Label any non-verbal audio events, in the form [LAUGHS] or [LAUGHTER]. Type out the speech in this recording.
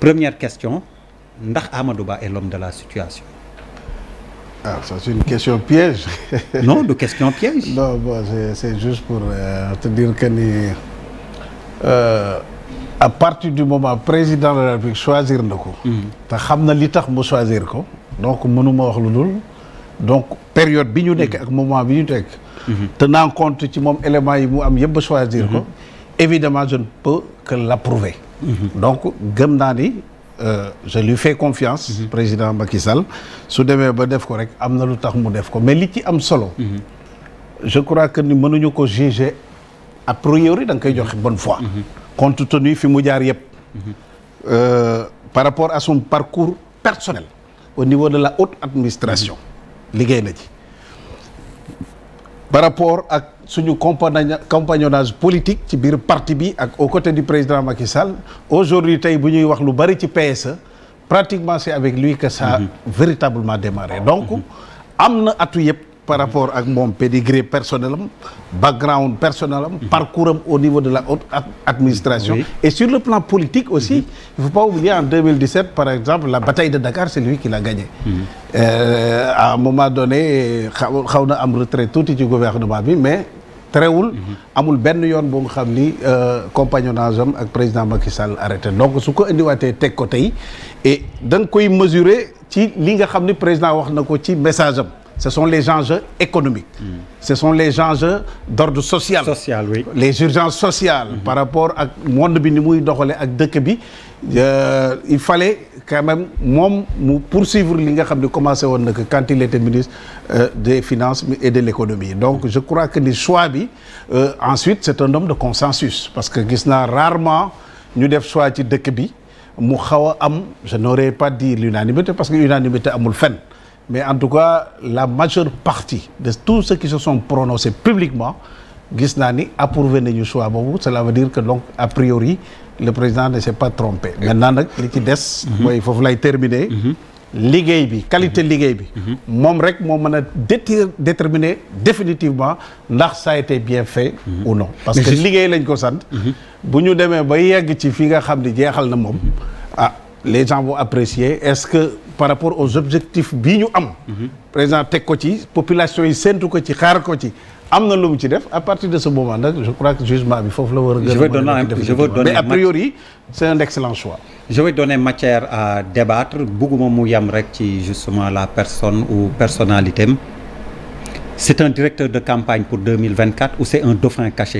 première question ndax Amadou Ba est de la situation. ah ça c'est une question piège. [LAUGHS] non du question piège. non bon c'est, c'est juste pour euh, te dire que ni euh, à partir du moment président de la République choisir na ko. Mm-hmm. te xam na li tax mu choisir ko. donc mënuma wax lu dul donc période bi ñu nekk mm-hmm. ak moment bi ñu nekk. Mm-hmm. tenant compte ci moom élément yi mu am yëpp choisir ko. évidemment je ne peux que l'approuver. donc gëm naa ni euh, je lui fais confiance. Mhm. président Macky Sall su demee ba def ko rek am na lu tax mu def ko mais li ci am solo. Mhm. je crois que ni mënuñu ko juger a priori da nga koy joxe bonne foi. Mhm. compte tenu fi mu jaar yëpp. Euh, par rapport à son parcours personnel au niveau de la haute administration liggéey na ci. par rapport ak suñu compagnonnage politique ci biir parti bi ak aux côtés du président Macky Sall aujourd'hui tey bu ñuy wax lu bari ci PSE pratiquement c'est avec lui que ça a mm-hmm. véritablement démarré donc mm-hmm. am na atu yëpp par rapport ak moom pedigree personnel am background personnel am mhm. parcours am au niveau de la haute administration et sur le plan politique aussi mhm. il faut pas oublier en par exemple la bataille de Dakar c'est lui qui l'a gagné mhm. euh, à un moment donné xaw na am retrait tuuti ci gouvernement bi mais terewul amul benn yoon boo nga xam ni euh, compagnonnage am ak président Macky Sall arrêté donc su ko indiwaatee teg ko tey da nga koy mesurer ci li nga xam ni président wax na ko ci message am ce sont les enjeux économiques. Mmh. Ce sont les enjeux d'ordre social. Social, oui. Les urgences sociales mm-hmm. par rapport ak monde bi ni muy doxalee ak dëkk bi euh, il fallait quand même moom mu poursuivre li nga xam ne commencé woon na que quand il était ministre euh, des finances et de l'économie donc je crois que ni choix bi euh, ensuite c'est un homme de consensus parce que gis naa rarement ñu def choix ci dëkk bi mu xaw a am je n'aurais pas dit l'unanimité parce que unanimité amul fenn. mais en tout cas la majeure partie de tout ceux qui se sont prononcés publiquement gis naa ni approuvé nañu choix boobu cela veut dire que donc a priori le président ne s'est pas trompé maintenant nag li ci des mooy foofu lay terminer liggéey bi qualité liggéey bi moom rek moo mën a déterminer définitivement ndax ça été bien fait ou non parce que liggéey lañ ko sant bu ñu demee ba yegg ci fi nga xam ne jeexal na moom ah les gens vont apprécier est-ce que par rapport aux objectifs bi ñu am. président teg ko ci population yi séntu ko ci xaar ko ci am na lu mu ci def à partir de ce moment nag je crois que jugement bi foofu la war a. je veux donner un a priori c'est un excellent choix. je vais donner matière à débattre bugguma mu yam rek ci justement la personne ou personnalité am c'est un directeur de campagne pour 2024 ou c'est un dauphin caché.